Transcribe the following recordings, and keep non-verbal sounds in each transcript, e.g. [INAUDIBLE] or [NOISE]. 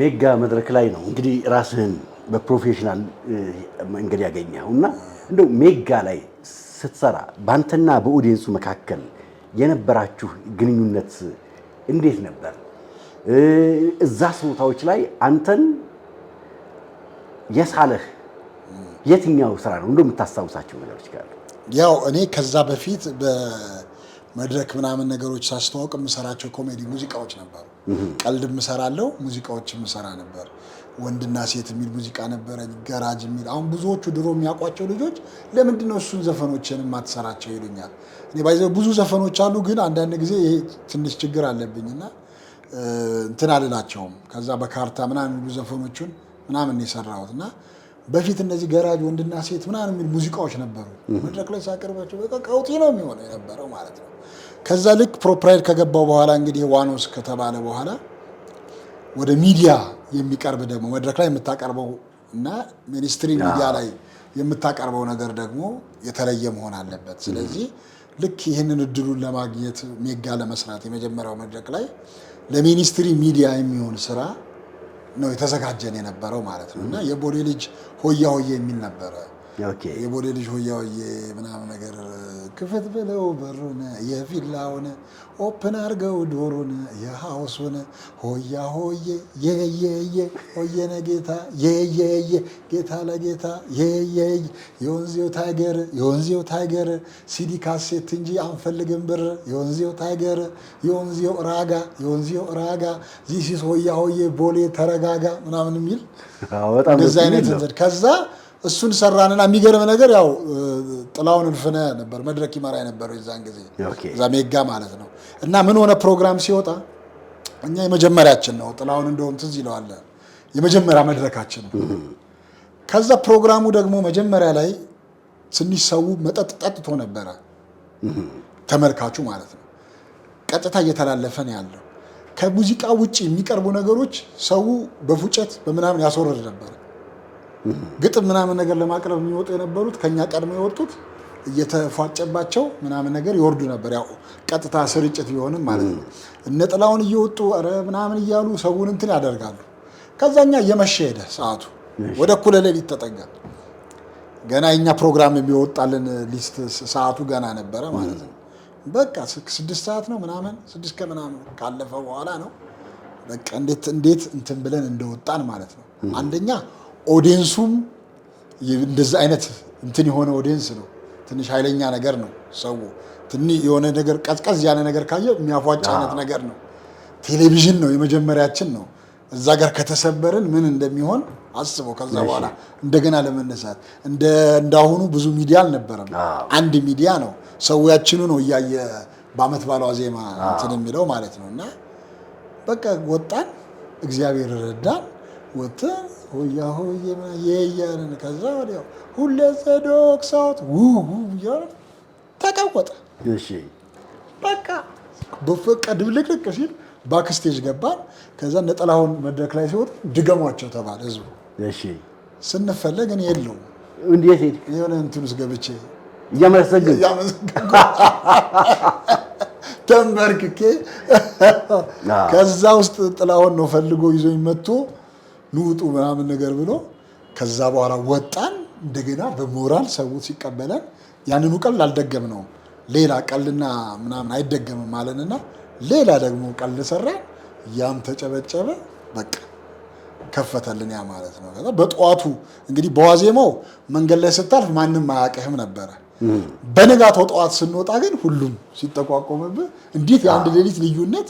ሜጋ መድረክ ላይ ነው እንግዲህ ራስህን በፕሮፌሽናል መንገድ ያገኘው እና እንደው ሜጋ ላይ ስትሰራ በአንተና በኦዲየንሱ መካከል የነበራችሁ ግንኙነት እንዴት ነበር? እዛ ቦታዎች ላይ አንተን የሳለህ የትኛው ስራ ነው? እንደው የምታስታውሳቸው ነገሮች ካሉ። ያው እኔ ከዛ በፊት መድረክ ምናምን ነገሮች ሳስተዋውቅ የምሰራቸው ኮሜዲ ሙዚቃዎች ነበሩ። ቀልድ የምሰራለው ሙዚቃዎች የምሰራ ነበር። ወንድና ሴት የሚል ሙዚቃ ነበረ፣ ገራጅ የሚል አሁን ብዙዎቹ ድሮ የሚያውቋቸው ልጆች ለምንድነው እሱን ዘፈኖችን የማትሰራቸው ይሉኛል። እኔ ባይዘ ብዙ ዘፈኖች አሉ፣ ግን አንዳንድ ጊዜ ይሄ ትንሽ ችግር አለብኝና እንትን አልላቸውም። ከዛ በካርታ ምናምን የሚሉ ዘፈኖቹን ምናምን የሰራሁት እና በፊት እነዚህ ገራጅ ወንድና ሴት ምናምን የሚል ሙዚቃዎች ነበሩ። መድረክ ላይ ሳቀርባቸው በቃ ቀውጢ ነው የሚሆነው የነበረው ማለት ነው። ከዛ ልክ ፕሮፕራይድ ከገባው በኋላ እንግዲህ ዋኖስ ከተባለ በኋላ ወደ ሚዲያ የሚቀርብ ደግሞ መድረክ ላይ የምታቀርበው እና ሚኒስትሪ ሚዲያ ላይ የምታቀርበው ነገር ደግሞ የተለየ መሆን አለበት። ስለዚህ ልክ ይህንን እድሉን ለማግኘት ሜጋ ለመስራት የመጀመሪያው መድረክ ላይ ለሚኒስትሪ ሚዲያ የሚሆን ስራ ነው የተዘጋጀን የነበረው ማለት ነው። እና የቦሌ ልጅ ሆያ ሆዬ የሚል ነበረ የቦሌ ልጅ ሆያውዬ ምናምን ነገር ክፍት ብለው በሩን የቪላውን ኦፕን አርገው ዶሩን የሀውሱን ሆያ ሆዬ የየየ ሆየነ ጌታ የየየ ጌታ ለጌታ የየየ የወንዚው ታይገር የወንዚው ታይገር ሲዲ ካሴት እንጂ አንፈልግም ብር የወንዚው ታይገር የወንዚው ራጋ የወንዚው ራጋ ዚሲስ ሆያ ሆዬ ቦሌ ተረጋጋ ምናምን የሚል እንደዚ አይነት ከዛ እሱን ሰራንና የሚገርም ነገር ያው ጥላውን እንፍነ ነበር መድረክ ይመራ የነበረው የዛን ጊዜ እዛ ሜጋ ማለት ነው። እና ምን ሆነ ፕሮግራም ሲወጣ እኛ የመጀመሪያችን ነው። ጥላውን እንደውም ትዝ ይለዋል የመጀመሪያ መድረካችን ነው። ከዛ ፕሮግራሙ ደግሞ መጀመሪያ ላይ ትንሽ ሰው መጠጥ ጠጥቶ ነበረ፣ ተመልካቹ ማለት ነው። ቀጥታ እየተላለፈ ነው ያለው። ከሙዚቃ ውጭ የሚቀርቡ ነገሮች ሰው በፉጨት በምናምን ያስወርድ ነበር ግጥም ምናምን ነገር ለማቅረብ የሚወጡ የነበሩት ከኛ ቀድሞ የወጡት እየተፏጨባቸው ምናምን ነገር ይወርዱ ነበር። ያው ቀጥታ ስርጭት ቢሆንም ማለት ነው። እነ ጥላውን እየወጡ ኧረ ምናምን እያሉ ሰውን እንትን ያደርጋሉ። ከዛኛ እየመሸ ሄደ ሰዓቱ፣ ወደ እኩለ ሌሊት ተጠጋ። ገና የኛ ፕሮግራም የሚወጣልን ሊስት ሰዓቱ ገና ነበረ ማለት ነው። በቃ ስድስት ሰዓት ነው ምናምን ስድስት ከምናምን ካለፈ በኋላ ነው በቃ እንዴት እንዴት እንትን ብለን እንደወጣን ማለት ነው አንደኛ ኦዲየንሱም እንደዚህ አይነት እንትን የሆነ ኦዲየንስ ነው። ትንሽ ኃይለኛ ነገር ነው። ሰው ትንሽ የሆነ ነገር ቀዝቀዝ ያለ ነገር ካየ የሚያፏጭ አይነት ነገር ነው። ቴሌቪዥን ነው የመጀመሪያችን ነው። እዛ ጋር ከተሰበርን ምን እንደሚሆን አስበው። ከዛ በኋላ እንደገና ለመነሳት እንዳሁኑ ብዙ ሚዲያ አልነበረም። አንድ ሚዲያ ነው። ሰውያችኑ ነው እያየ በአመት ባለዋ ዜማ እንትን የሚለው ማለት ነው። እና በቃ ወጣን፣ እግዚአብሔር ረዳን። ወጥተን ሆያ ሆዬና የያንን ከዛ ወዲያው ሁለ ጸዶቅ ሰውት ውው እያለ ተቀወጠ። በቃ በፈቃ ድብልቅልቅ ሲል ባክስቴጅ ገባን። ከዛ ነጠላውን መድረክ ላይ ሲወጡ ድገሟቸው ተባለ ህዝቡ። ስንፈለግ እኔ የለውም እንዴት የሆነ እንትን ውስጥ ገብቼ እያመሰግን ተንበርክኬ ከዛ ውስጥ ጥላሁን ነው ፈልጎ ይዞኝ መጥቶ ንውጡ ምናምን ነገር ብሎ ከዛ በኋላ ወጣን። እንደገና በሞራል ሰው ሲቀበለን ያንኑ ቀልድ አልደገም ነው ሌላ ቀልና ምናምን አይደገምም አለንና ሌላ ደግሞ ቀልድ ሰራ። ያም ተጨበጨበ። በቃ ከፈተልን ያ ማለት ነው። ከዛ በጠዋቱ እንግዲህ በዋዜማው መንገድ ላይ ስታልፍ ማንም አያውቅህም ነበረ። በንጋታው ጠዋት ስንወጣ ግን ሁሉም ሲጠቋቆምብህ እንዴት የአንድ ሌሊት ልዩነት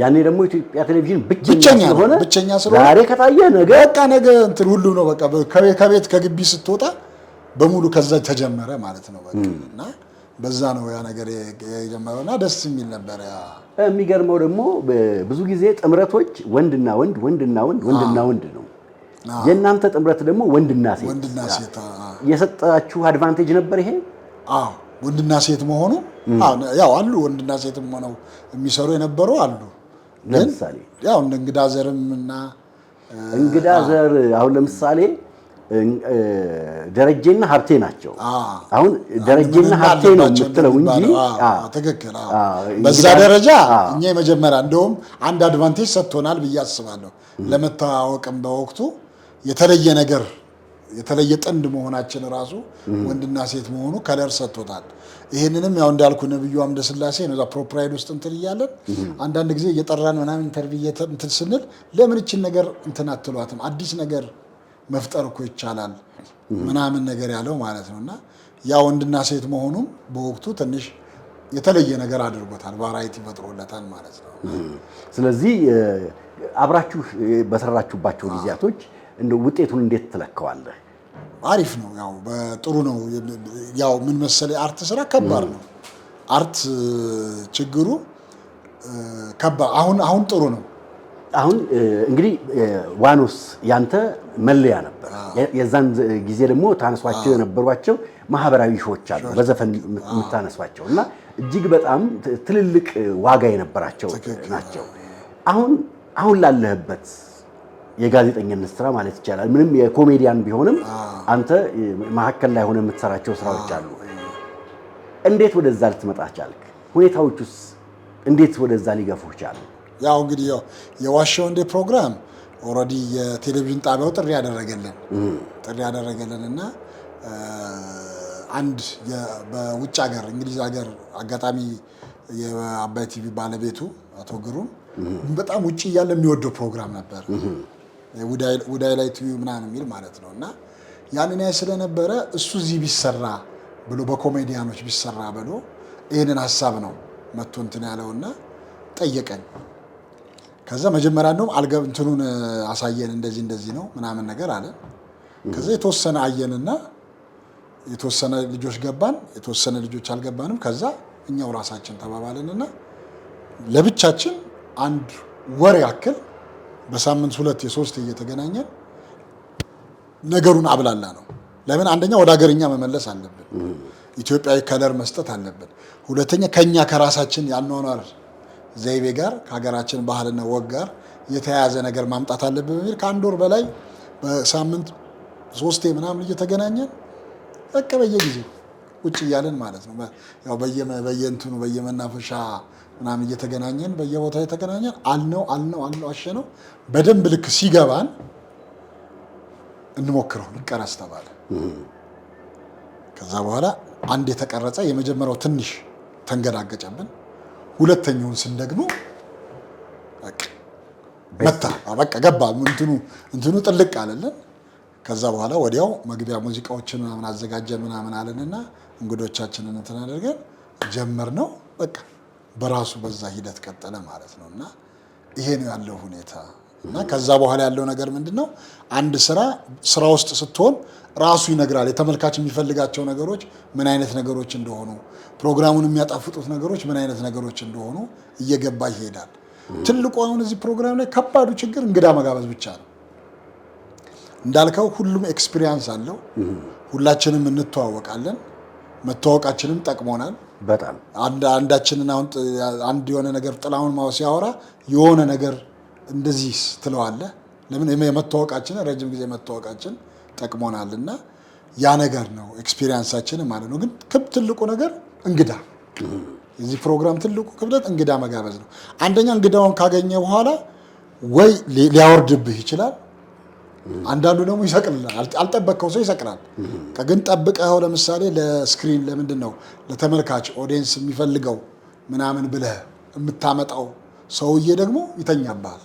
ያኔ ደግሞ ኢትዮጵያ ቴሌቪዥን ብቸኛ ስለሆነ ብቸኛ ስለሆነ ዛሬ ከታየ ነገ በቃ ነገ እንትን ሁሉ ነው በቃ ከቤት ከግቢ ስትወጣ በሙሉ ከዛ ተጀመረ ማለት ነው። በቃ እና በዛ ነው ያ ነገር የጀመረውና ደስ የሚል ነበር። ያ የሚገርመው ደግሞ ብዙ ጊዜ ጥምረቶች ወንድና ወንድ፣ ወንድና ወንድ፣ ወንድና ወንድ ነው። የእናንተ ጥምረት ደግሞ ወንድና ሴት፣ ወንድና ሴት የሰጣችሁ አድቫንቴጅ ነበር ይሄ። አዎ ወንድና ሴት መሆኑ ያው አሉ ወንድና ሴትም ሆነው የሚሰሩ የነበሩ አሉ ለምሳሌ ያው እንደ እንግዳ ዘርም እና እንግዳ ዘር አሁን ለምሳሌ ደረጀና ሀብቴ ናቸው። አሁን ደረጀና ሀብቴ ነው የምትለው እንጂ ትክክል። በዛ ደረጃ እኛ የመጀመሪያ እንደውም አንድ አድቫንቴጅ ሰጥቶናል ብዬ አስባለሁ። ለመተዋወቅም በወቅቱ የተለየ ነገር የተለየ ጥንድ መሆናችን ራሱ ወንድና ሴት መሆኑ ከለር ሰጥቶታል። ይህንንም ያው እንዳልኩ ነብዩ አምደ ስላሴ ነው ፕሮፕራይድ ውስጥ እንትን እያለን አንዳንድ ጊዜ እየጠራን ምናምን ኢንተርቪው እንትን ስንል ለምንችን ነገር እንትን አትሏትም አዲስ ነገር መፍጠር እኮ ይቻላል ምናምን ነገር ያለው ማለት ነው። እና ያ ወንድና ሴት መሆኑም በወቅቱ ትንሽ የተለየ ነገር አድርጎታል፣ ቫራይቲ ፈጥሮለታል ማለት ነው። ስለዚህ አብራችሁ በሰራችሁባቸው ጊዜያቶች እንደ ውጤቱን እንዴት ትለከዋለህ? አሪፍ ነው። ያው በጥሩ ነው። ያው ምን መሰለ አርት ስራ ከባድ ነው። አርት ችግሩ ከባድ አሁን አሁን ጥሩ ነው። አሁን እንግዲህ ዋኖስ ያንተ መለያ ነበር። የዛን ጊዜ ደግሞ ታነሷቸው የነበሯቸው ማህበራዊ ሾዎች አሉ፣ በዘፈን የምታነሷቸው እና እጅግ በጣም ትልልቅ ዋጋ የነበራቸው ናቸው። አሁን አሁን ላለህበት የጋዜጠኝነት ስራ ማለት ይቻላል። ምንም የኮሜዲያን ቢሆንም አንተ መሀከል ላይ ሆነ የምትሰራቸው ስራዎች አሉ። እንዴት ወደዛ ልትመጣ ቻልክ? ሁኔታዎች ውስጥ እንዴት ወደዛ ሊገፉ ቻሉ? ያው እንግዲህ የዋሻው እንዴ ፕሮግራም ኦልሬዲ የቴሌቪዥን ጣቢያው ጥሪ ያደረገልን ጥሪ ያደረገልን እና አንድ በውጭ ሀገር እንግሊዝ ሀገር አጋጣሚ የአባይ ቲቪ ባለቤቱ አቶ ግሩም በጣም ውጭ እያለ የሚወደው ፕሮግራም ነበር። ውዳይ ላይ ትዩ ምናምን የሚል ማለት ነው እና ያንን ያይ ስለነበረ እሱ እዚህ ቢሰራ ብሎ በኮሜዲያኖች ቢሰራ ብሎ ይህንን ሀሳብ ነው መቶ እንትን ያለውና ጠየቀኝ። ከዛ መጀመሪያ እንደውም አልገብ እንትኑን አሳየን እንደዚህ እንደዚህ ነው ምናምን ነገር አለ። ከዛ የተወሰነ አየንና የተወሰነ ልጆች ገባን፣ የተወሰነ ልጆች አልገባንም። ከዛ እኛው ራሳችን ተባባልንና ለብቻችን አንድ ወር ያክል በሳምንት ሁለት የሶስት እየተገናኘን ነገሩን አብላላ ነው። ለምን አንደኛ ወደ ሀገርኛ መመለስ አለብን፣ ኢትዮጵያዊ ከለር መስጠት አለብን። ሁለተኛ ከኛ ከራሳችን ያኗኗር ዘይቤ ጋር ከሀገራችን ባህልና ወግ ጋር የተያያዘ ነገር ማምጣት አለብን በሚል ከአንድ ወር በላይ በሳምንት ሶስቴ ምናምን እየተገናኘን በቃ በየጊዜው ውጭ እያለን ማለት ነው። በየእንትኑ በየመናፈሻ ምናምን እየተገናኘን በየቦታው የተገናኘን አልነው አልነው አልነው ነው በደንብ ልክ ሲገባን እንሞክረው ይቀረጽ ተባለ። ከዛ በኋላ አንድ የተቀረጸ የመጀመሪያው ትንሽ ተንገዳገጨብን። ሁለተኛውን ስንደግሞ መታ በቃ ገባ። እንትኑ እንትኑ ጥልቅ አለልን። ከዛ በኋላ ወዲያው መግቢያ ሙዚቃዎችን ምናምን አዘጋጀ ምናምን አለንና እንግዶቻችንን እንትን አድርገን ጀመር ነው በቃ በራሱ በዛ ሂደት ቀጠለ ማለት ነው እና ይሄ ነው ያለው ሁኔታ እና ከዛ በኋላ ያለው ነገር ምንድን ነው? አንድ ስራ ስራ ውስጥ ስትሆን ራሱ ይነግራል። የተመልካች የሚፈልጋቸው ነገሮች ምን አይነት ነገሮች እንደሆኑ፣ ፕሮግራሙን የሚያጣፍጡት ነገሮች ምን አይነት ነገሮች እንደሆኑ እየገባ ይሄዳል። ትልቁ አሁን እዚህ ፕሮግራም ላይ ከባዱ ችግር እንግዳ መጋበዝ ብቻ ነው። እንዳልከው ሁሉም ኤክስፒሪያንስ አለው። ሁላችንም እንተዋወቃለን። መተዋወቃችንም ጠቅሞናል። በጣም አንዳችንን አሁን አንድ የሆነ ነገር ጥላሁን ማወ ሲያወራ የሆነ ነገር እንደዚህ ትለዋለህ። ለምን የመታወቃችን ረጅም ጊዜ መታወቃችን ጠቅሞናል እና ያ ነገር ነው ኤክስፒሪየንሳችን ማለት ነው። ግን ክብ ትልቁ ነገር እንግዳ የዚህ ፕሮግራም ትልቁ ክብደት እንግዳ መጋበዝ ነው። አንደኛ እንግዳውን ካገኘ በኋላ ወይ ሊያወርድብህ ይችላል አንዳንዱ ደግሞ ይሰቅልናል። አልጠበቅከው ሰው ይሰቅላል። ግን ጠብቀኸው ለምሳሌ ለስክሪን ለምንድን ነው ለተመልካች ኦዲየንስ የሚፈልገው ምናምን ብለህ የምታመጣው ሰውዬ ደግሞ ይተኛባል።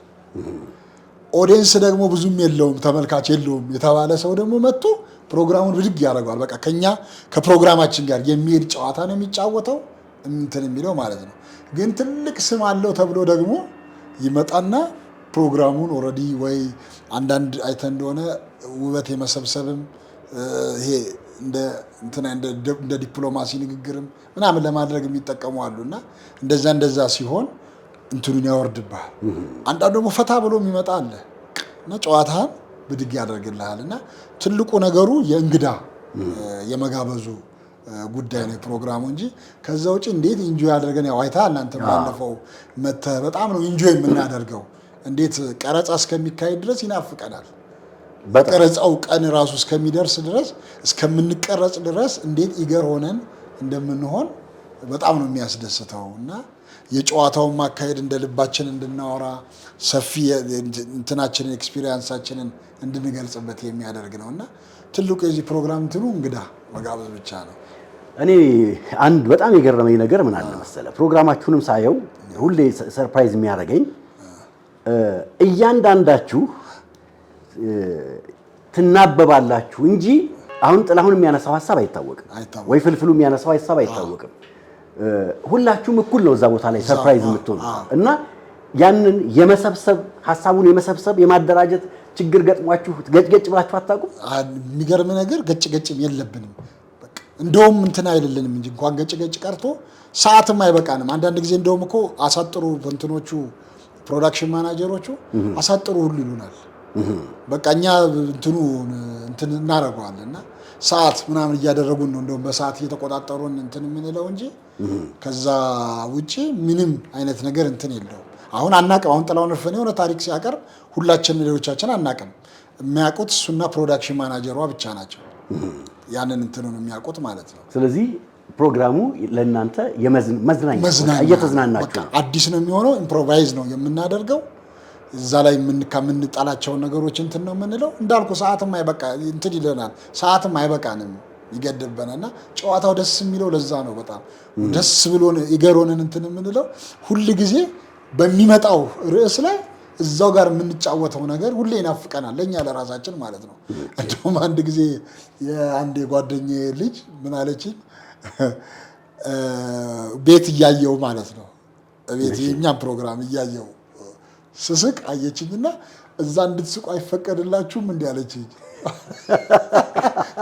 ኦዲየንስ ደግሞ ብዙም የለውም ተመልካች የለውም የተባለ ሰው ደግሞ መጥቶ ፕሮግራሙን ብድግ ያደርገዋል። በቃ ከኛ ከፕሮግራማችን ጋር የሚሄድ ጨዋታ ነው የሚጫወተው እንትን የሚለው ማለት ነው። ግን ትልቅ ስም አለው ተብሎ ደግሞ ይመጣና ፕሮግራሙን ኦልሬዲ ወይ አንዳንድ አይተ እንደሆነ ውበት የመሰብሰብም ይሄ እንደ ዲፕሎማሲ ንግግርም ምናምን ለማድረግ የሚጠቀሙ አሉ እና እንደዛ እንደዛ ሲሆን እንትኑን ያወርድብሃል። አንዳንዱ ደግሞ ፈታ ብሎ የሚመጣ አለ እና ጨዋታህን ብድግ ያደርግልሃል እና ትልቁ ነገሩ የእንግዳ የመጋበዙ ጉዳይ ነው ፕሮግራሙ እንጂ ከዛ ውጭ እንዴት ኢንጆይ አድርገን ያው እናንተ ባለፈው መተህ በጣም ነው ኢንጆይ የምናደርገው እንዴት ቀረጻ እስከሚካሄድ ድረስ ይናፍቀናል። በቀረጻው ቀን ራሱ እስከሚደርስ ድረስ እስከምንቀረጽ ድረስ እንዴት ኢገር ሆነን እንደምንሆን በጣም ነው የሚያስደስተው እና የጨዋታውን ማካሄድ እንደ ልባችን እንድናወራ ሰፊ እንትናችንን ኤክስፒሪየንሳችንን እንድንገልጽበት የሚያደርግ ነው እና ትልቁ የዚህ ፕሮግራም እንትኑ እንግዳ መጋበዝ ብቻ ነው። እኔ አንድ በጣም የገረመኝ ነገር ምን አለ መሰለ ፕሮግራማችሁንም ሳየው ሁሌ ሰርፕራይዝ የሚያደርገኝ እያንዳንዳችሁ ትናበባላችሁ እንጂ አሁን ጥላሁን የሚያነሳው ሀሳብ አይታወቅም፣ ወይ ፍልፍሉ የሚያነሳው ሀሳብ አይታወቅም። ሁላችሁም እኩል ነው እዛ ቦታ ላይ ሰርፕራይዝ የምትሆኑ እና ያንን የመሰብሰብ ሀሳቡን የመሰብሰብ የማደራጀት ችግር ገጥሟችሁ ገጭገጭ ብላችሁ አታውቁም? የሚገርም ነገር ገጭ የለብንም። እንደውም እንትን አይልልንም እንጂ እንኳን ገጭ ቀርቶ ሰዓትም አይበቃንም። አንዳንድ ጊዜ እንደውም እኮ አሳጥሩ በእንትኖቹ ፕሮዳክሽን ማናጀሮቹ አሳጥሩ ሁሉ ይሉናል። በቃ እኛ እንትኑ እንትን እናደርገዋለን እና ሰዓት ምናምን እያደረጉን ነው። እንደውም በሰዓት እየተቆጣጠሩን እንትን የምንለው እንጂ ከዛ ውጭ ምንም አይነት ነገር እንትን የለውም። አሁን አናቅም። አሁን ጥላሁን እርፈን የሆነ ታሪክ ሲያቀርብ ሁላችን ሌሎቻችን አናቅም። የሚያውቁት እሱና ፕሮዳክሽን ማናጀሯ ብቻ ናቸው። ያንን እንትኑን የሚያውቁት ማለት ነው። ስለዚህ ፕሮግራሙ ለእናንተ መዝናኛ እየተዝናናችሁ አዲስ ነው የሚሆነው። ኢምፕሮቫይዝ ነው የምናደርገው። እዛ ላይ ከምንጣላቸውን ነገሮች እንትን ነው የምንለው። እንዳልኩ ሰዓትም አይበቃ እንትን ይለናል፣ ሰዓትም አይበቃንም ይገድበናልና ጨዋታው ደስ የሚለው ለዛ ነው። በጣም ደስ ብሎን የገሮንን እንትን የምንለው ሁል ጊዜ በሚመጣው ርዕስ ላይ እዛው ጋር የምንጫወተው ነገር ሁሌ ይናፍቀናል፣ ለእኛ ለራሳችን ማለት ነው። እንደውም አንድ ጊዜ የአንድ የጓደኛ ልጅ ምን አለችኝ [LAUGHS] ቤት እያየው ማለት ነው። ቤት የእኛም ፕሮግራም እያየው ስስቅ አየችኝና እዛ እንድትስቁ አይፈቀድላችሁም እንዲ ያለችኝ።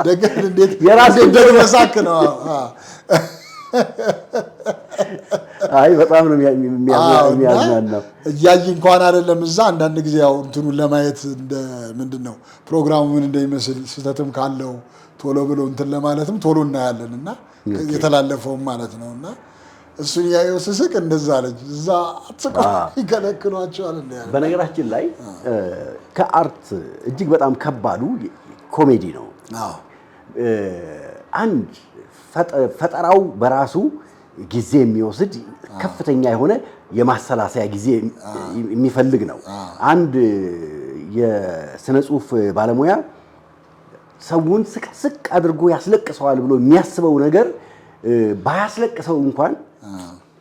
ደገን እንዴት [LAUGHS] ነው። [LAUGHS] አይ በጣም ነው የሚያዝናናው። እንኳን አይደለም እዛ አንዳንድ ጊዜ ያው ለማየት ምንድን ነው ፕሮግራሙ ምን እንደሚመስል ስህተትም ካለው ቶሎ ብሎ እንትን ለማለትም ቶሎ እናያለን እና የተላለፈውም ማለት ነው እና እሱን ያየው ስስቅ እንደዛ አለች። እዛ አትስቆ [LAUGHS] ይከለክሏቸዋል። በነገራችን ላይ ከአርት እጅግ በጣም ከባዱ ኮሜዲ ነው። አንድ ፈጠራው በራሱ ጊዜ የሚወስድ ከፍተኛ የሆነ የማሰላሰያ ጊዜ የሚፈልግ ነው። አንድ የስነ ጽሁፍ ባለሙያ ሰውን ስቅስቅ አድርጎ ያስለቅሰዋል ብሎ የሚያስበው ነገር ባያስለቅሰው እንኳን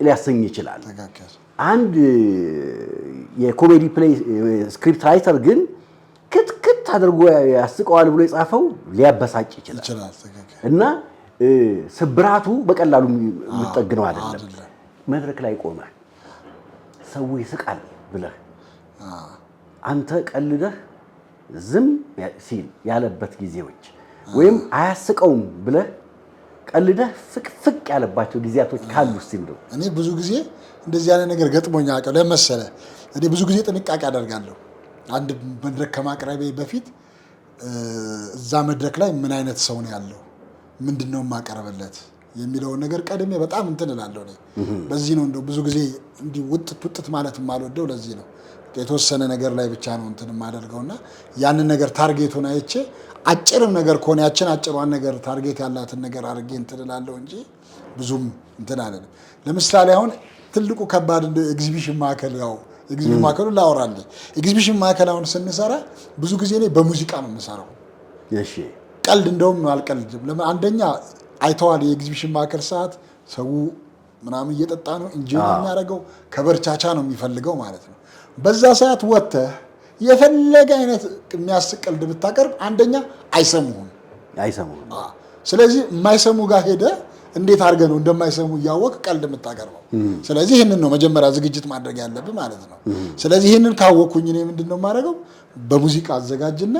ሊያሰኝ ይችላል። አንድ የኮሜዲ ፕሌይ ስክሪፕት ራይተር ግን ክትክት አድርጎ ያስቀዋል ብሎ የጻፈው ሊያበሳጭ ይችላል እና ስብራቱ በቀላሉ የምጠግነው አይደለም። መድረክ ላይ ቆመህ ሰው ይስቃል ብለህ አንተ ቀልደህ ዝም ሲል ያለበት ጊዜዎች ወይም አያስቀውም ብለህ ቀልደህ ፍቅፍቅ ያለባቸው ጊዜያቶች ካሉ እስቲ እንደው እኔ ብዙ ጊዜ እንደዚህ ያለ ነገር ገጥሞኛ አውቀው ለመሰለ እኔ ብዙ ጊዜ ጥንቃቄ አደርጋለሁ። አንድ መድረክ ከማቅረቤ በፊት እዛ መድረክ ላይ ምን አይነት ሰው ነው ያለው፣ ምንድን ነው የማቀርብለት የሚለውን ነገር ቀድሜ በጣም እንትን እላለሁ። በዚህ ነው እንደው ብዙ ጊዜ እንዲህ ውጥት ውጥት ማለት የማልወደው ለዚህ ነው። የተወሰነ ነገር ላይ ብቻ ነው እንትን እና ያንን ነገር ታርጌቱን አይቼ አጭርም ነገር ከሆነ ያችን አጭሯን ነገር ታርጌት ያላትን ነገር አድርጌ እንትን እላለሁ እንጂ ብዙም እንትን አይደለም። ለምሳሌ አሁን ትልቁ ከባድ ኤግዚቢሽን ማዕከል ያው ኤግዚቢሽን ማዕከሉ ላወራለ ኤግዚቢሽን ማዕከል አሁን ስንሰራ ብዙ ጊዜ እኔ በሙዚቃ ነው የምሰራው። ቀልድ እንደውም አልቀልድም። አንደኛ አይተዋል፣ የኤግዚቢሽን ማዕከል ሰዓት ሰው ምናምን እየጠጣ ነው እንጂ የሚያደርገው ከበርቻቻ ነው የሚፈልገው ማለት ነው በዛ ሰዓት ወጥተህ የፈለገ አይነት የሚያስቀልድ ቀልድ ብታቀርብ አንደኛ አይሰሙህም አይሰሙህም። ስለዚህ የማይሰሙ ጋር ሄደ እንዴት አድርገህ ነው እንደማይሰሙ እያወቅህ ቀልድ የምታቀርበው? ስለዚህ ይህንን ነው መጀመሪያ ዝግጅት ማድረግ ያለብህ ማለት ነው። ስለዚህ ይህንን ካወቅኩኝ እኔ ምንድን ነው የማደርገው? በሙዚቃ አዘጋጅና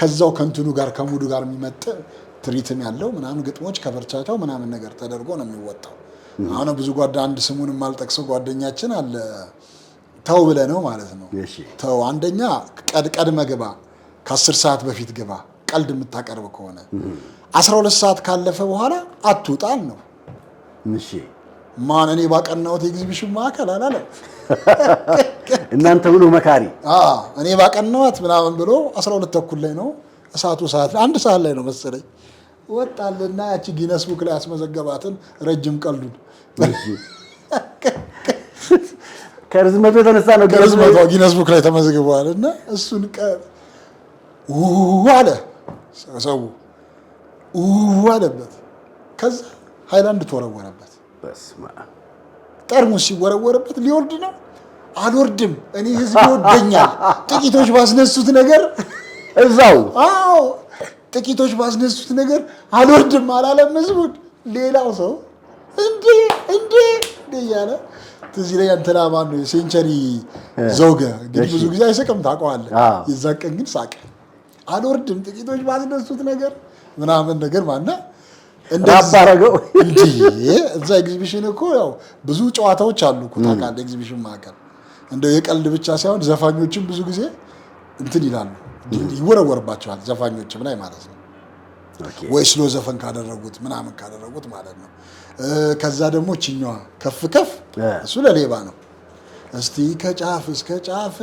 ከዛው ከእንትኑ ጋር ከሙዱ ጋር የሚመጥ ትሪትም ያለው ምናምን ግጥሞች ከበርቻታው ምናምን ነገር ተደርጎ ነው የሚወጣው። አሁን ብዙ ጓዳ አንድ ስሙን የማልጠቅሰው ጓደኛችን አለ ተው ብለህ ነው ማለት ነው። ተው አንደኛ ቀድመህ ግባ፣ ከአስር ሰዓት በፊት ግባ። ቀልድ የምታቀርብ ከሆነ አስራ ሁለት ሰዓት ካለፈ በኋላ አትውጣል ነው ማን እኔ ባቀናሁት ኤግዚቢሽን ማዕከል አላለ [LAUGHS] እናንተ ብሎ መካሪ እኔ ባቀናሁት ምናምን ብሎ አስራ ሁለት ተኩል ላይ ነው እሳቱ ሰዓት አንድ ሰዓት ላይ ነው መሰለኝ ወጣልና ያቺ ጊነስ ቡክ ላይ ያስመዘገባትን ረጅም ቀልዱን ከርዝመቱ የተነሳ ነው። ከርዝመቷ ጊነስ ቡክ ላይ ተመዝግበዋል። እና እሱን ቀን አለ ሰው አለበት። ከዛ ሃይላንድ ተወረወረበት። ጠርሙስ ሲወረወረበት ሊወርድ ነው። አልወርድም፣ እኔ ህዝብ ይወደኛል። ጥቂቶች ባስነሱት ነገር እዛው አዎ፣ ጥቂቶች ባስነሱት ነገር አልወርድም አላለም። ህዝቡን ሌላው ሰው እንዴ እንዴ እያለ ትዝ ይለኝ እንትና ማን ነው የሴንቸሪ ዘውገ እንግዲህ ብዙ ጊዜ አይስቅም ታውቀዋለህ። የዛን ቀን ግን ሳቀ አልወርድም ጥቂቶች ባስነሱት ነገር ምናምን ነገር ማና እንዳባረገው እንዲህ እዛ ኤግዚቢሽን እኮ ያው ብዙ ጨዋታዎች አሉ እኮ ታውቃለህ። ኤግዚቢሽን ማዕከል እንደው የቀልድ ብቻ ሳይሆን ዘፋኞችም ብዙ ጊዜ እንትን ይላሉ ይወረወርባቸዋል። ዘፋኞችም ላይ ማለት ነው ወይ ስሎ ዘፈን ካደረጉት ምናምን ካደረጉት ማለት ነው ከዛ ደግሞ ችኛዋ ከፍ ከፍ እሱ ለሌባ ነው። እስቲ ከጫፍ እስከ ጫፍ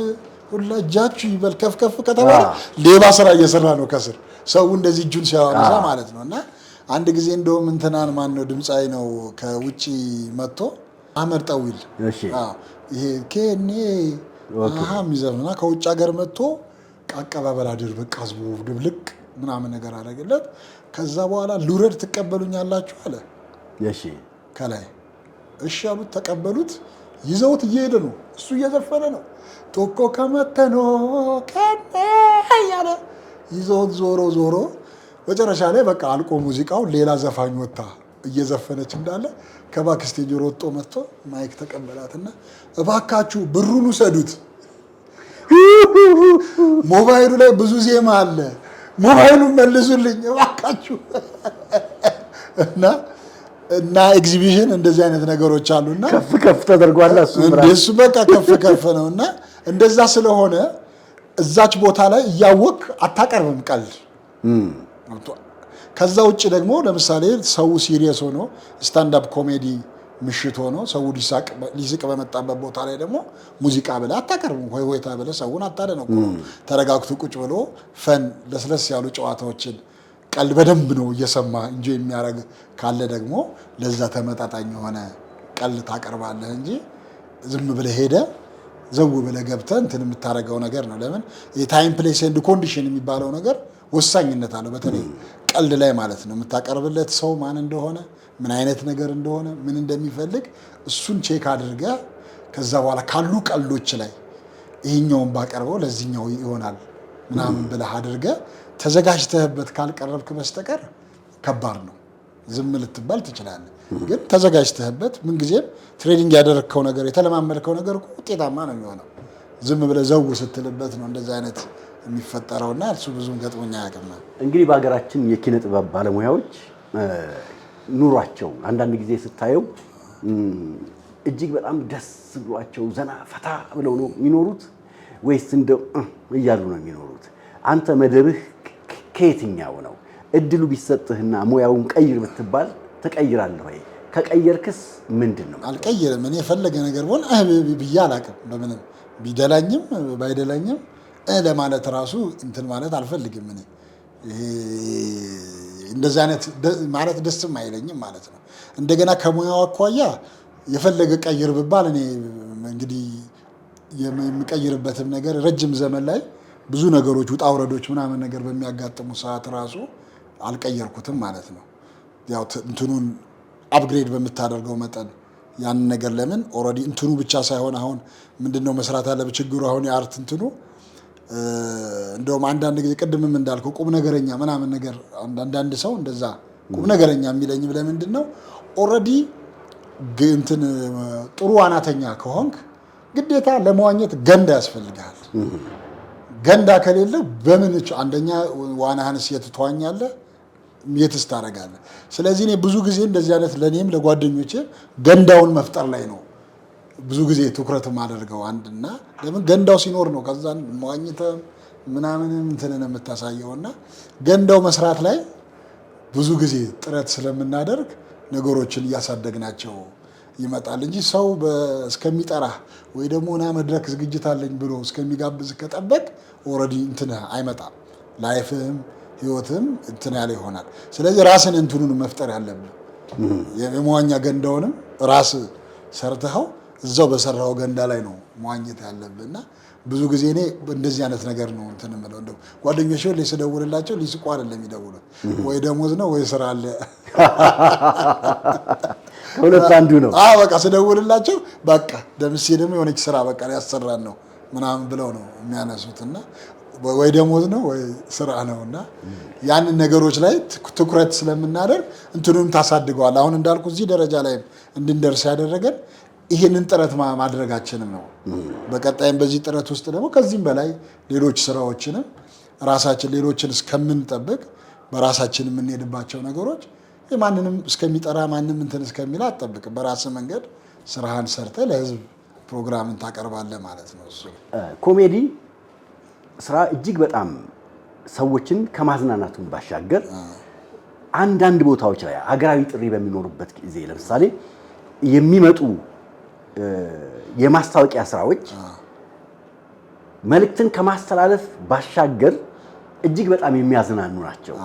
ሁላ እጃችሁ ይበል ከፍ ከፍ ከተባለ ሌባ ስራ እየሰራ ነው ከስር ሰው እንደዚህ እጁን ሲያወርሳ ማለት ነው። እና አንድ ጊዜ እንደውም እንትናን ማን ነው ድምፃዊ ነው ከውጭ መጥቶ አመር ጠዊል ይሄ ኬኔ የሚዘፍና ከውጭ ሀገር መጥቶ አቀባበል አድር በቃ ህዝቡ ድብልቅ ምናምን ነገር አደረገለት። ከዛ በኋላ ልውረድ ትቀበሉኛላችሁ አለ ከላይ እሺ አሉት፣ ተቀበሉት። ይዘውት እየሄደ ነው። እሱ እየዘፈነ ነው። ቶኮ ከመተኖ ከነ እያለ ይዘውት ዞሮ ዞሮ መጨረሻ ላይ በቃ አልቆ ሙዚቃው ሌላ ዘፋኝ ወታ እየዘፈነች እንዳለ ከባክስቴጅ ሮጦ መጥቶ ማይክ ተቀበላትና እባካችሁ ብሩን ውሰዱት፣ ሞባይሉ ላይ ብዙ ዜማ አለ፣ ሞባይሉን መልሱልኝ እባካችሁ እና እና ኤግዚቢሽን እንደዚህ አይነት ነገሮች አሉ እና ከፍ ከፍ ተደርጓል። እሱ በቃ ከፍ ከፍ ነው። እና እንደዛ ስለሆነ እዛች ቦታ ላይ እያወቅ አታቀርብም ቀልድ። ከዛ ውጭ ደግሞ ለምሳሌ ሰው ሲሪየስ ሆኖ ስታንዳፕ ኮሜዲ ምሽት ሆኖ ሰው ሊስቅ በመጣበት ቦታ ላይ ደግሞ ሙዚቃ ብለህ አታቀርብም። ሆይ ሆይታ ብለህ ሰውን አታደነቁም። ተረጋግቶ ቁጭ ብሎ ፈን ለስለስ ያሉ ጨዋታዎችን ቀልድ በደንብ ነው እየሰማ እንጂ የሚያደርግ ካለ ደግሞ ለዛ ተመጣጣኝ የሆነ ቀልድ ታቀርባለህ እንጂ ዝም ብለህ ሄደ ዘው ብለህ ገብተህ እንትን የምታደርገው ነገር ነው። ለምን የታይም ፕሌስ ኤንድ ኮንዲሽን የሚባለው ነገር ወሳኝነት አለው። በተለይ ቀልድ ላይ ማለት ነው። የምታቀርብለት ሰው ማን እንደሆነ፣ ምን አይነት ነገር እንደሆነ፣ ምን እንደሚፈልግ እሱን ቼክ አድርገህ ከዛ በኋላ ካሉ ቀልዶች ላይ ይህኛውን ባቀርበው ለዚህኛው ይሆናል ምናምን ብለህ አድርገህ ተዘጋጅተህበት ካልቀረብክ በስተቀር ከባድ ነው። ዝም ልትባል ትችላለህ። ግን ተዘጋጅተህበት ምንጊዜም ትሬዲንግ ያደረግከው ነገር የተለማመድከው ነገር ውጤታማ ነው የሚሆነው። ዝም ብለህ ዘው ስትልበት ነው እንደዚህ አይነት የሚፈጠረውና እሱ ብዙም ገጥሞኛ ያቅም እንግዲህ በሀገራችን የኪነ ጥበብ ባለሙያዎች ኑሯቸው አንዳንድ ጊዜ ስታየው እጅግ በጣም ደስ ብሏቸው ዘና ፈታ ብለው ነው የሚኖሩት ወይስ እንደው እያሉ ነው የሚኖሩት? አንተ መደብህ ከየትኛው ነው? እድሉ ቢሰጥህና ሙያውን ቀይር ብትባል ተቀይራለሁ ወይ? ከቀየርክስ ምንድን ነው? አልቀይርም። እኔ የፈለገ ነገር ሆን እህ ብዬ አላቅም። በምንም ቢደላኝም ባይደላኝም ለማለት ራሱ እንትን ማለት አልፈልግም። እኔ እንደዚህ አይነት ማለት ደስም አይለኝም ማለት ነው። እንደገና ከሙያው አኳያ የፈለገ ቀይር ብባል እኔ እንግዲህ የምቀይርበትም ነገር ረጅም ዘመን ላይ ብዙ ነገሮች ውጣ ውረዶች ምናምን ነገር በሚያጋጥሙ ሰዓት ራሱ አልቀየርኩትም ማለት ነው። ያው እንትኑን አፕግሬድ በምታደርገው መጠን ያንን ነገር ለምን ኦልሬዲ እንትኑ ብቻ ሳይሆን አሁን ምንድነው መስራት ያለ ችግሩ አሁን የአርት እንትኑ እንደውም አንዳንድ ጊዜ ቅድምም እንዳልከው ቁም ነገረኛ ምናምን ነገር አንዳንድ ሰው እንደዛ ቁም ነገረኛ የሚለኝም ለምንድን ነው ኦልሬዲ እንትን ጥሩ ዋናተኛ ከሆንክ ግዴታ ለመዋኘት ገንዳ ያስፈልግሃል። ገንዳ ከሌለ በምንች አንደኛ ዋናህንስ የት ትዋኛለህ? የትስ ታደርጋለህ? ስለዚህ እኔ ብዙ ጊዜ እንደዚህ አይነት ለእኔም ለጓደኞቼ ገንዳውን መፍጠር ላይ ነው ብዙ ጊዜ ትኩረት ማደርገው። አንድና ለምን ገንዳው ሲኖር ነው ከዛ መዋኝተም ምናምንም እንትንን የምታሳየውና ገንዳው መስራት ላይ ብዙ ጊዜ ጥረት ስለምናደርግ ነገሮችን እያሳደግናቸው ይመጣል እንጂ ሰው እስከሚጠራ ወይ ደግሞ ና መድረክ ዝግጅት አለኝ ብሎ እስከሚጋብዝ ከጠበቅ ኦልሬዲ እንትን አይመጣም። ላይፍህም ህይወትም እንትን ያለ ይሆናል። ስለዚህ ራስን እንትኑን መፍጠር ያለብን የመዋኛ ገንዳውንም ራስ ሰርተኸው እዛው በሰራው ገንዳ ላይ ነው መዋኘት ያለብን እና ብዙ ጊዜ እኔ እንደዚህ አይነት ነገር ነው እንትን የምለው። እንደው ጓደኞች ላይ ስደውልላቸው ሊስቁ አይደለም የሚደውሉት፣ ወይ ደሞዝ ነው ወይ ስራ አለ [LAUGHS] ከሁለት አንዱ ነው። አዎ በቃ ስደውልላቸው በቃ ደምሴ ደግሞ የሆነች ስራ በቃ ያሰራን ነው ምናምን ብለው ነው የሚያነሱት እና ወይ ደሞዝ ነው ወይ ስራ ነው እና ያንን ነገሮች ላይ ትኩረት ስለምናደርግ እንትኑም ታሳድገዋል። አሁን እንዳልኩ እዚህ ደረጃ ላይ እንድንደርስ ያደረገን ይህንን ጥረት ማድረጋችንም ነው። በቀጣይም በዚህ ጥረት ውስጥ ደግሞ ከዚህም በላይ ሌሎች ስራዎችንም ራሳችን ሌሎችን እስከምንጠብቅ በራሳችን የምንሄድባቸው ነገሮች ማንንም እስከሚጠራ ማንም እንትን እስከሚል አጠብቅ በራስ መንገድ ስራህን ሰርተ ለህዝብ ፕሮግራምን ታቀርባለ ማለት ነው። እሱ ኮሜዲ ስራ እጅግ በጣም ሰዎችን ከማዝናናቱን ባሻገር አንዳንድ ቦታዎች ላይ ሀገራዊ ጥሪ በሚኖሩበት ጊዜ ለምሳሌ የሚመጡ የማስታወቂያ ስራዎች መልእክትን ከማስተላለፍ ባሻገር እጅግ በጣም የሚያዝናኑ ናቸው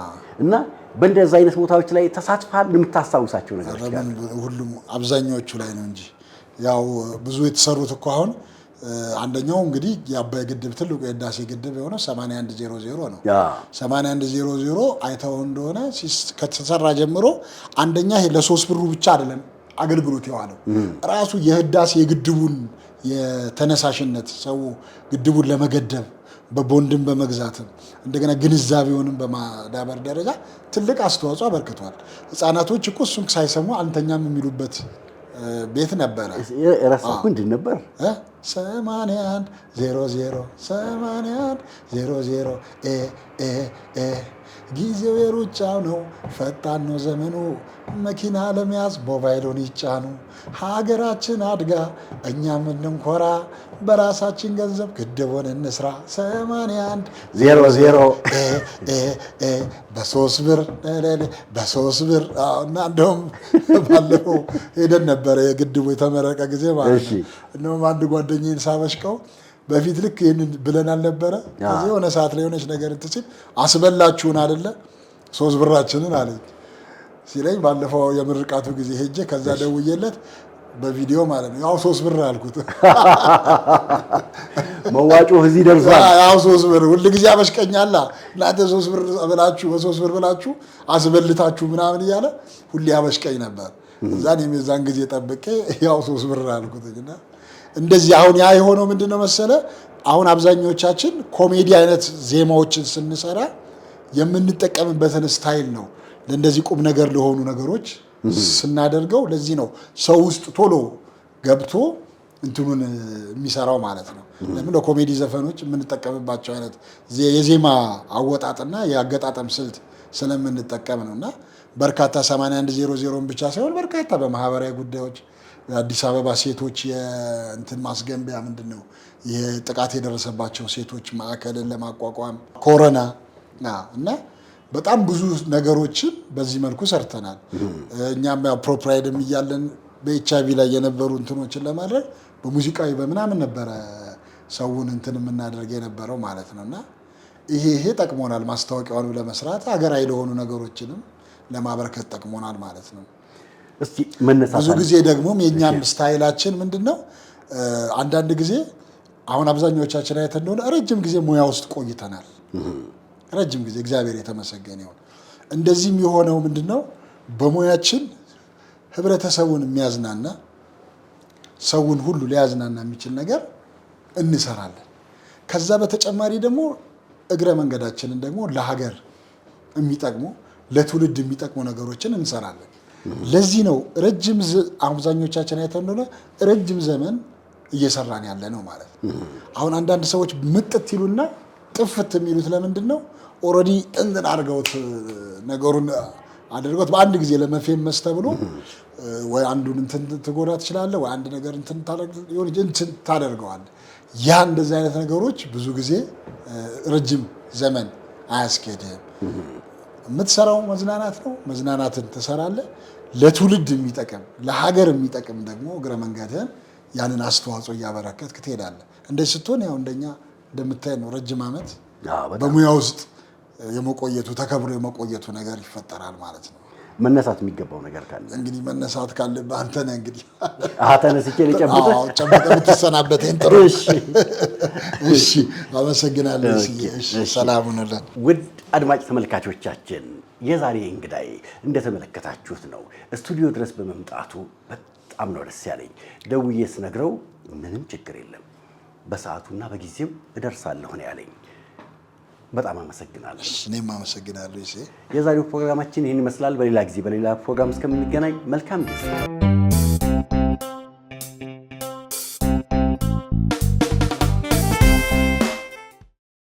እና በእንደዚ አይነት ቦታዎች ላይ ተሳትፋል? የምታስታውሳቸው ነገሮች ሁሉም አብዛኛዎቹ ላይ ነው እንጂ ያው ብዙ የተሰሩት እኮ አሁን አንደኛው እንግዲህ የአባይ ግድብ ትልቁ የህዳሴ ግድብ የሆነ 8100 ነው። 8100 አይተው እንደሆነ ከተሰራ ጀምሮ አንደኛ ለሶስት ብሩ ብቻ አይደለም አገልግሎት የዋለው ራሱ የህዳሴ ግድቡን የተነሳሽነት ሰው ግድቡን ለመገደብ በቦንድን በመግዛትም እንደገና ግንዛቤውንም በማዳበር ደረጃ ትልቅ አስተዋጽኦ አበርክቷል። ህጻናቶች እኮ እሱን ሳይሰሙ አንተኛም የሚሉበት ቤት ነበረ። ራሳሁ እንድን ነበር ሰማንያን ዜሮ ዜሮ ሰማንያን ዜሮ ዜሮ ጊዜው የሩጫ ነው፣ ፈጣን ነው ዘመኑ። መኪና ለመያዝ ሞባይሉን ይጫኑ። ሀገራችን አድጋ እኛም እንንኮራ። በራሳችን ገንዘብ ግድቡን እንስራ 81 ዜሮ ዜሮ በሶስት ብር በሶስት ብር እና እንደውም ባለፈው ሄደን ነበረ የግድቡ የተመረቀ ጊዜ ማለት ነው። እንደውም አንድ ጓደኛዬን ሳበሽቀው በፊት ልክ ይህንን ብለን አልነበረ እዚህ የሆነ ሰዓት ላይ የሆነች ነገር ትችል አስበላችሁን አደለ ሶስት ብራችንን አለኝ ሲለኝ ባለፈው የምርቃቱ ጊዜ ሄጄ ከዛ ደውዬለት በቪዲዮ ማለት ነው። ያው ሶስት ብር አልኩት [LAUGHS] መዋጮ እዚህ ደርሷል። ያው ሶስት ብር ሁልጊዜ አበሽቀኛላ እናንተ ሶስት ብር ብላችሁ በሶስት ብር ብላችሁ አስበልታችሁ ምናምን እያለ ሁሌ አበሽቀኝ ነበር። እዛን የዛን ጊዜ ጠብቄ ያው ሶስት ብር አልኩት እና እንደዚህ አሁን ያ የሆነው ምንድነው መሰለ አሁን አብዛኞቻችን ኮሜዲ አይነት ዜማዎችን ስንሰራ የምንጠቀምበትን ስታይል ነው ለእንደዚህ ቁም ነገር ለሆኑ ነገሮች ስናደርገው ለዚህ ነው ሰው ውስጥ ቶሎ ገብቶ እንትኑን የሚሰራው ማለት ነው። ለምን ለኮሜዲ ዘፈኖች የምንጠቀምባቸው አይነት የዜማ አወጣጥና የአገጣጠም ስልት ስለምንጠቀም ነው እና በርካታ 8100 ዜሮ ብቻ ሳይሆን በርካታ በማህበራዊ ጉዳዮች አዲስ አበባ ሴቶች የእንትን ማስገንቢያ ምንድን ነው ይህ ጥቃት የደረሰባቸው ሴቶች ማዕከልን ለማቋቋም ኮረና እና በጣም ብዙ ነገሮችን በዚህ መልኩ ሰርተናል። እኛም ያው ፕሮፕራይድም እያለን በኤች አይቪ ላይ የነበሩ እንትኖችን ለማድረግ በሙዚቃዊ በምናምን ነበረ ሰውን እንትን የምናደርግ የነበረው ማለት ነው። እና ይሄ ይሄ ጠቅሞናል፣ ማስታወቂያውን ለመስራት ሀገራዊ ለሆኑ ነገሮችንም ለማበረከት ጠቅሞናል ማለት ነው። ብዙ ጊዜ ደግሞ የእኛም ስታይላችን ምንድን ነው? አንዳንድ ጊዜ አሁን አብዛኛዎቻችን አይተን እንደሆነ ረጅም ጊዜ ሙያ ውስጥ ቆይተናል። ረጅም ጊዜ እግዚአብሔር የተመሰገነ ይሁን። እንደዚህም የሆነው ምንድን ነው? በሙያችን ህብረተሰቡን የሚያዝናና ሰውን ሁሉ ሊያዝናና የሚችል ነገር እንሰራለን። ከዛ በተጨማሪ ደግሞ እግረ መንገዳችንን ደግሞ ለሀገር የሚጠቅሙ ለትውልድ የሚጠቅሙ ነገሮችን እንሰራለን። ለዚህ ነው ረጅም አብዛኞቻችን አይተን እንደሆነ ረጅም ዘመን እየሰራን ያለ ነው ማለት አሁን አንዳንድ ሰዎች ምጥት ይሉና ጥፍት የሚሉት ለምንድን ነው? ኦልሬዲ እንትን አድርገውት ነገሩን አድርገውት በአንድ ጊዜ ለመፌመስ ተብሎ ወይ አንዱን እንትን ትጎዳ ትችላለህ፣ ወይ አንድ ነገር እንትን ታደርገዋል። ያ እንደዚህ አይነት ነገሮች ብዙ ጊዜ ረጅም ዘመን አያስኬድህም። የምትሰራው መዝናናት ነው። መዝናናትን ትሰራለህ። ለትውልድ የሚጠቅም ለሀገር የሚጠቅም ደግሞ እግረ መንገድህን ያንን አስተዋጽኦ እያበረከትክ ትሄዳለህ። እንደ ስትሆን ያው እንደኛ እንደምታይ ነው ረጅም ዓመት በሙያ ውስጥ የመቆየቱ ተከብሮ የመቆየቱ ነገር ይፈጠራል ማለት ነው። መነሳት የሚገባው ነገር ካለ እንግዲህ መነሳት ካለ በአንተ ነህ። እንግዲህ ተነስቼ ልጨብጥህ ጨብጠህ የምትሰናበተኝ ጥሩ። እሺ፣ አመሰግናለሁ። ሰላም ሁኑልን። ውድ አድማጭ ተመልካቾቻችን የዛሬ እንግዳይ እንደተመለከታችሁት ነው። ስቱዲዮ ድረስ በመምጣቱ በጣም ነው ደስ ያለኝ። ደውዬ ስነግረው ምንም ችግር የለም በሰዓቱና በጊዜም እደርሳለሁ ነው ያለኝ። በጣም አመሰግናለሁ። እኔም አመሰግናለሁ። የዛሬው ፕሮግራማችን ይህን ይመስላል። በሌላ ጊዜ በሌላ ፕሮግራም እስከምንገናኝ መልካም ጊዜ